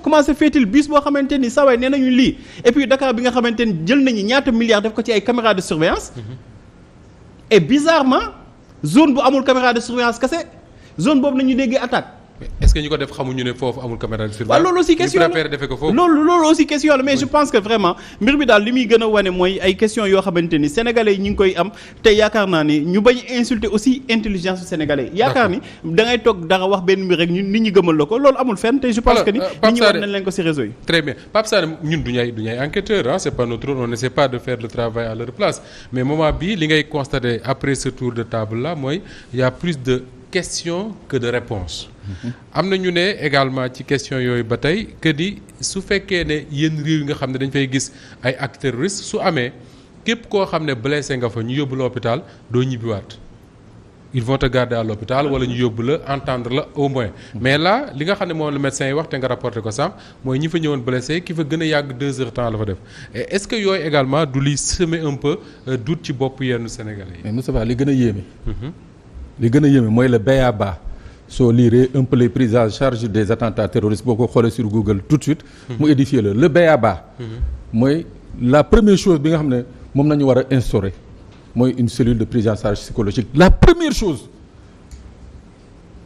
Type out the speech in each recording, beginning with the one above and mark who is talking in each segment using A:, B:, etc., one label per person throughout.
A: comment se fait-il bis boo xamante ni saa waay nee nañu lii et Dakar bi nga xamante ni jël nañu ñaata milliards def ko ci ay caméras de surveillance et bizarrement zone bu amul caméra de surveillance kese zone boobu nañu déggee attaque
B: est ce que ñu ko def xamuñu ne foofu amul caméra de surveillance. waaw loolu aussi question la loolu
A: loolu aussi question la mais je pense que vraiment mbir mi daal li muy gën a wane mooy ay question yoo xamante ni sénégalais yi ñu ngi koy am te yaakaar naa ni ñu bañ insulter aussi intelligence su yaakaar ni da ngay toog wax benn mbir rek nit ñi gëmal la ko loolu amul fenn te je pense que ni euh, nit ñi war nañ
B: leen ko ci réseau yi. très bien Pape ñun du ñu ay du pas notre rôle on pas de faire le travail à leur place mais moment bii li ngay question que de réponse am na ñu ne également ci question yooyu ba tey que di su fekkee ne yenn réew yi nga xam ne dañ fay gis ay actes terroristes su amee képp koo xam ne blessé nga fa ñu yóbbu la hôpital doo ñibbiwaat il vont te garder à l'hôpital wala ñu yóbbu la entendre la au moins mais la li nga xam ne moom la médecin yi wax nga rapporté ko sànq mooy ñi fa ñëwoon blessé ki fa gën a yàgg deux heures temps la fa def est que yooyu également du liy semer un peu euh, doute bopp yenn Sénégalais yi.
C: mais Moustapha gën a yéeme. Mm-hmm. li gën a yeme mooy le BABA soo liiree un peu en charge des attentats terroristes boo ko xoolee sur Google tout de suite. mu édifier la le BABA. mooy la première chose bi nga xam ne moom nañu war a instaurer mooy une cellule de prise en charge psychologique la première chose.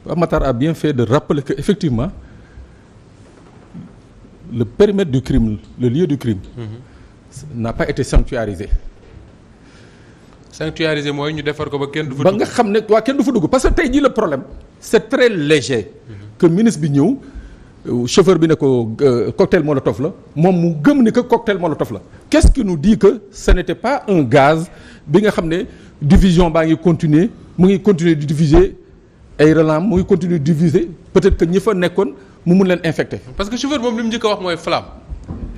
C: Amatar a bien fait de rappeler que effectivement le périmètre du crime le lieu du n'a pas été sanctuarisé.
B: sanctuariser mooy ñu defar ko ba kenn du fa dugg ba nga
C: xam ne waa kenn du fa dugg parce que tey jii le problème c'est très léger. Mhm. que ministre bi ñëw. Euh, chauffeur bi ne ko euh, cocktail molotov la moom mu gëm ni que cocktail molotov la qu'est-ce qui nous dit que ce n'était pas un gaz bi nga xam ne division baa ngi continuer mu ngi continuer di diviser ay relam mu ngi continuer di diviser peut-être que ñi fa nekkoon mu mun leen infecter.
B: parce que chauffeur boobu li mu njëkk a wax mooy flamme.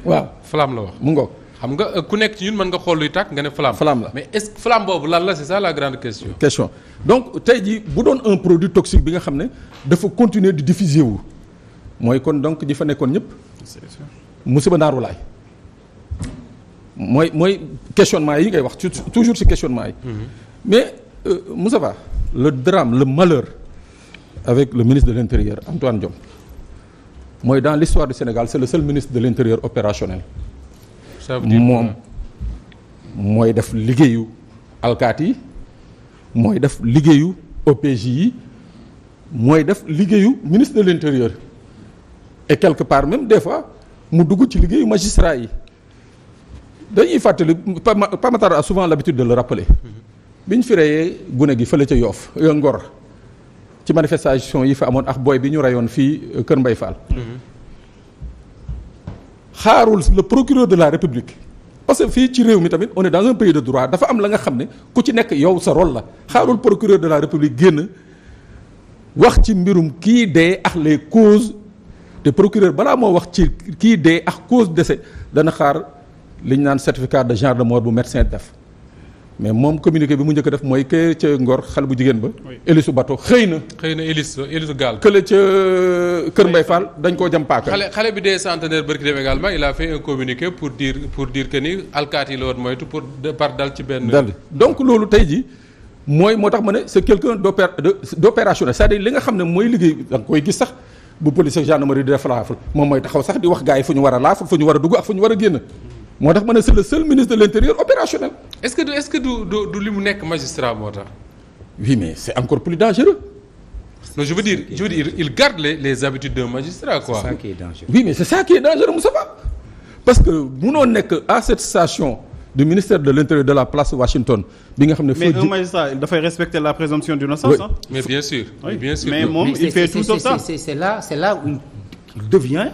B: waaw flamme la wax mu ngoog. xam nga ku nekk ci ñun mën nga xool luy takk nga ne flamme. flamme la mais est-ce boobu lan la c'est ça la grande question. donc tey jii bu
C: doon un produit toxique bi nga xam ne dafa continuer di diffuser wu mooy kon donc ñi fa nekkoon ñëpp. musiba naaru laay mooy mooy questionnement yi ngay wax toujours ci questionnement yi. Mhm. mais euh, Moustapha le drame le malheur avec le ministre de l'intérieur Antoine Diome mooy dans l'histoire du Sénégal c'est le seul ministre de l'intérieur opérationnel. moom mooy def liggéeyu alkaati yi mooy def liggéeyu OPJ yi mooy def liggéeyu ministre de l'intérieur et quelque part même des fois mu dugg ci liggéeyu magistrat yi dañuy fàttali Pape Matar a souvent l'habitude de le rappeler mm-hmm. bi fi reyee gune gi fële ca Yoof euh, Ngor ci manifestation yi fi amoon ax booy bi ñu reyoon fii euh, Kër Mbay Fall mm-hmm. xaarul le procureur de la république parce que fii ci réew mi tamit on est dans un pays de droit dafa am la nga xam ne ku ci nekk yow sa rôle la xaarul procureur de la république génn wax ci mbirum kii dee ak les causes de procureur balaa moo wax ci kii dee ak cause décès dana xaar li ñu naan certificat de genre de mort bu médecin def mais moom communiqué bi mu njëkk def mooy ke ca Ngor xale bu jigéen ba. Elisu Bato xëy na.
B: xëy na Elis Elisu Gaal. kële ca euh, Kër Mbay Fall dañ koo jam paaka. xale xale bi dee centenaire barki dem également il a pour dire pour la woon moytu pour par dal ci benn.
C: tey ji mooy moo tax ma ne c'est quelqu'un d'opé d'opérationnel cest à li nga xam ne mooy liggéey da nga koy gis sax. bu police ak gendarmerie di def laaful moom mooy taxaw sax di wax gars yi fu ñu war a laaf fu a dugg ak fu ñu war a génn moo tax ma ne c'est le ministre l'intérieur opérationnel
B: est-ce que du est-ce que du du li mu nekk magistrat moo tax. oui mais c'est encore plus dangereux. non je veux dire il garde les habitudes d'un magistrat quoi. oui
C: mais c'est ça qui est dangereux Moussa Ba parce que munoo nekk à cette station du ministère de l'intérieur de la place Washington bi nga xam ne. mais un
A: magistrat dafay respecter la présomption d'innocence oui.
B: mais bien sûr. bien sûr mais moom il fait tout ça c'est
A: c'est là c'est devient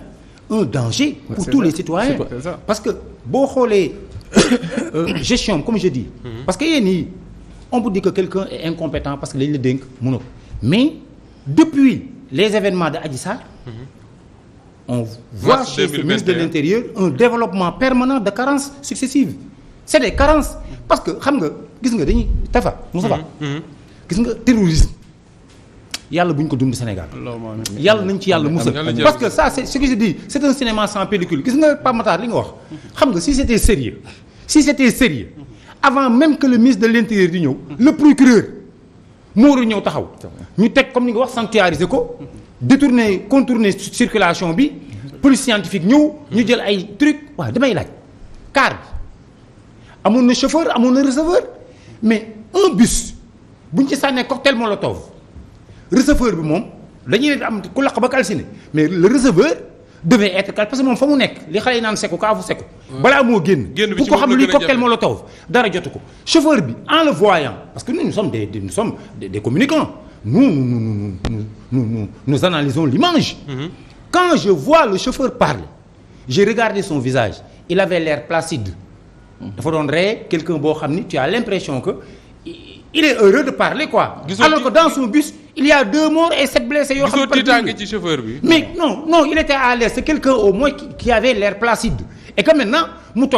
A: un danger. pour tous les citoyens. parce que boo xoolee. Euh, euh, gestion comme je dis. Mm-hmm. parce que yéen yi on peut dire quelqu'un est incompétent parce que lañ la dénk mënoo mais depuis les événements de Adji Sarr.
B: Mm-hmm. on
A: voit chez ministre de l'intérieur un développement permanent de carences successives c'est des carences parce que xam nga gis nga dañuy tafa Moustapha mm-hmm. gis nga terrorisme yàlla bu ñu ko dund Sénégal yàlla nañ ci yàlla musal parce que ça c'est ce que je dis c'est un cinéma sans pellicule gis nga Pape li nga wax xam nga si c'était sérieux si c'était sérieux avant même que le ministre de l'intérieur di ñëw le procureur mooru ñëw taxaw ñu teg comme ni nga wax sanctuariser ko détourner contourner circulation bi police scientifique ñëw ñu jël ay truc waaw damay laaj car amoon na chauffeur amoon na receveur mais un bus bu ñu ci sànnee cocktail molotov receveur bi moom dañuy am ku laq ba calciné mais le receveur devait être cal parce que moom fa mu nekk li xale yi naan sekku kaafu sekku. Hmm. balaa moo génn. génn bi ci ko xam luy cocktail molotov dara jotu ko. chauffeur bi en le voyant parce que nous nous sommes des nous sommes des communicants nous nous nous nous nous nous analysons l'image. Hmm. quand je vois le chauffeur parler j'ai regardé son visage il avait l'air placide. dafa doon ree quelqu'un boo xam ni tu as l'impression que il est heureux quoi. alors que dans il y a deux morts et sept blessés yoo xam ne ci chauffeur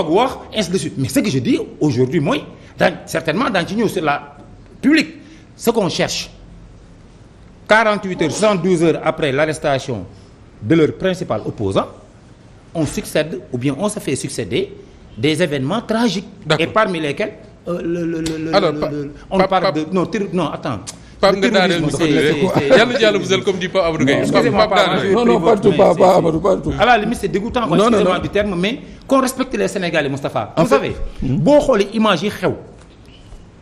A: wax ainsi de suite mooy daañ certainement daañu ci ñëw sur la publique ce qu'on cherche 48 heures 72 heures après l'arrestation de leur principal opposant on succède ou bien on se fait succéder des événements tragiques D'accord. et parmi lesquels euh, non, non attends Pape nga daaneel mu yàlla yàlla musal
B: comme dit Pape Amadou Gueye. Pape daaneel non
A: non pas du terme mais qu'on respecte les Sénégalais Moustapha. vous savez hmm. boo xoolee image yi xew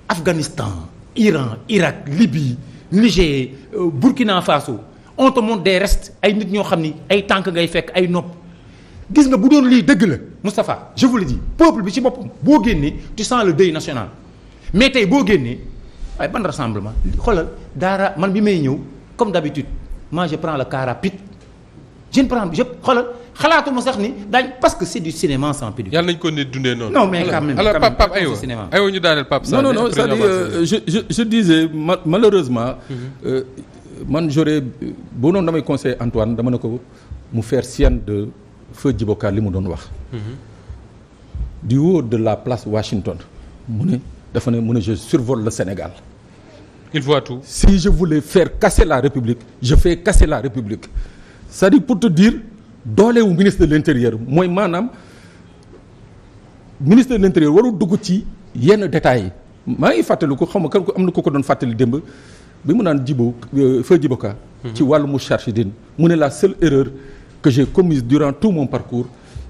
A: Afghanistan Iran Irak Libye Niger euh, Burkina Faso on te montre des restes ay nit ñoo xam ni ay tànk ngay fekk ay nopp. gis nga bu doon lii dëgg la Moustapha je vous le peuple bi ci boppam boo génnee tu sens le deuil national mais tey boo génnee. waaye ban rassemblement xoolal daara man bi may ñëw comme d'habitude moi je prends le car rapide je ne prends je xoolal xalaatuma sax ni daañ parce que c'est du cinéma sans pudeur. yàlla nañu ko nit dundee noonu. non mais quand même alors Pape Pape
B: ñu daaneel Pape. non non euh,
C: je je je mhm. euh, dama ne ko mu faire sienne de li mu doon wax. Mhm. du haut de la place Washington. mu ne dafa ne mu ne je survole le Sénégal. il voit tout si je voulais faire casser la république je fais casser la république c'est-à-dire pour te dire dooleewu ministre de l'intérieur mooy maanaam ministre de l'intérieur warul dugg ci yenn détails yi maa ngi fàttaliku xaw ma kan ko am na ko ko doon fàttali démb bi mu naan jibo euh, feu jiboka mhm. ci wàllu mu charge din mu ne la seule erreur que j'ai commise durant tout mon parcours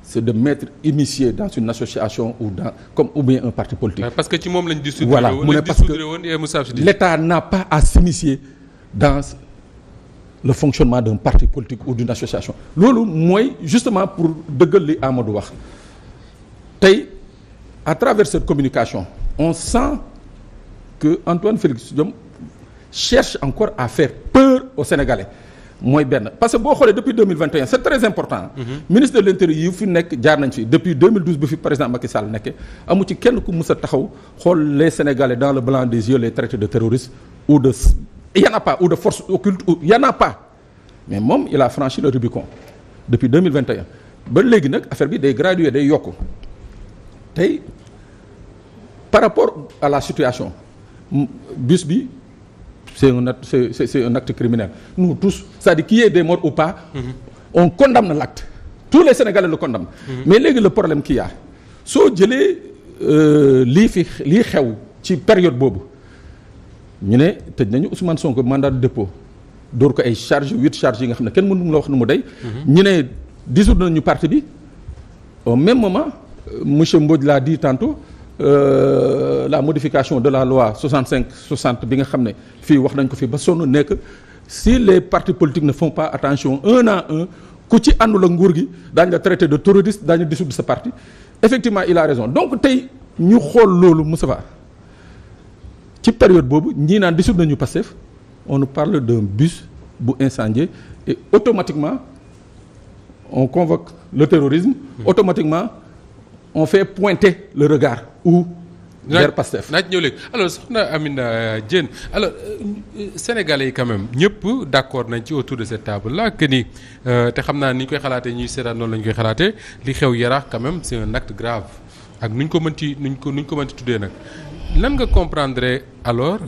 C: c'est de mettre initié dans une association ou dans comme ou bien un parti
B: politique. parce que ci moom lañ dissoudre voilà mu ne parce que
C: l'État n'a pas à s'initier dans le fonctionnement d'un parti politique ou d'une association loolu mooy justement pour dëggal li Amadou wax tey à travers cette communication on sent que Antoine Félix Diome cherche encore à faire peur aux Sénégalais mooy benn parce que boo xoolee depuis 2021 c'est très important mm-hmm. ministre de l'intérieur yi fi nekk jaar nañ fi depuis 2012 bi fi président Macky Sall nekkee amu ci kenn ku mus a taxaw xool les dans le blanc des yeux les traités de terroristes ou de y en a pas ou de force occulte ou y en pas mais moom il a franchi le Rubicon depuis 2021 ba léegi nag affaire bi day graduer day yokk tey par rapport à la situation bis bi c'est un acte c'est c'est un acte criminel nous tous c'est-à-dire qu'il y ait on condamne l'acte tous les Sénégalais le mm-hmm. mais léegi le problème qu'il soo jëlee euh, lii fi lii xew ci période boobu ñu ne tëj nañu Ousmane Sonko mandat de door ko ay charge huit charges yi nga xam ne kenn mënu la wax nu mu dey mm-hmm. ñu ne dissoudre nañu parti bi au même moment euh, monsieur Mbodj laa dit tantôt Euh, la modification de la loi 65 60 bi nga xam ne fii wax nañ ko fi ba sonn nekk si les partis politiques ne font pas attention un à un ku ci àndul ak nguur gi daañu la traité de terroriste daañu dissoudre sa parti effectivement il a raison donc tey ñu xool loolu Moustapha ci période boobu ñii naan dissoudre nañu Pastef on nous parle d'un bus bu incendié et automatiquement on convoque le terrorisme mmh. automatiquement on fait pointer le regard ou
B: vers Pastef naa ci ñëw léegi alors soxna Amina euh, Diène alors euh, euh, sénégalais yi quand même ñëpp d'accord nañ ci autour de cette table là que te xam naa ni ñu koy xalaatee ñuy seetaan noonu la koy xalaate li xew yaraax quand même c'est un grave ak nu ko mën ci nu ko nu ko mën ci tuddee nag lan nga comprendre alors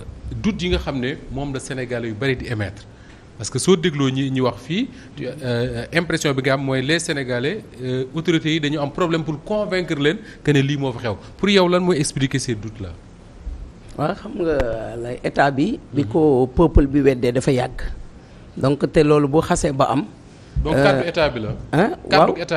B: doute yi nga xam ne moom la sénégalais yu bari di émettre. parce que soo dégloo ñi ñi wax fii euh, impression bi nga am mooy les sénégalais euh, autorités yi dañu am problème pour convaincre leen que ne lii moo fa xew pour yow lan mooy expliquer ces doutes là.
A: waaw xam nga la état bi. bi ko peuple bi weddee dafa yàgg. donc te loolu bu xasee ba am. donc kàddu euh, état bi la. ah waaw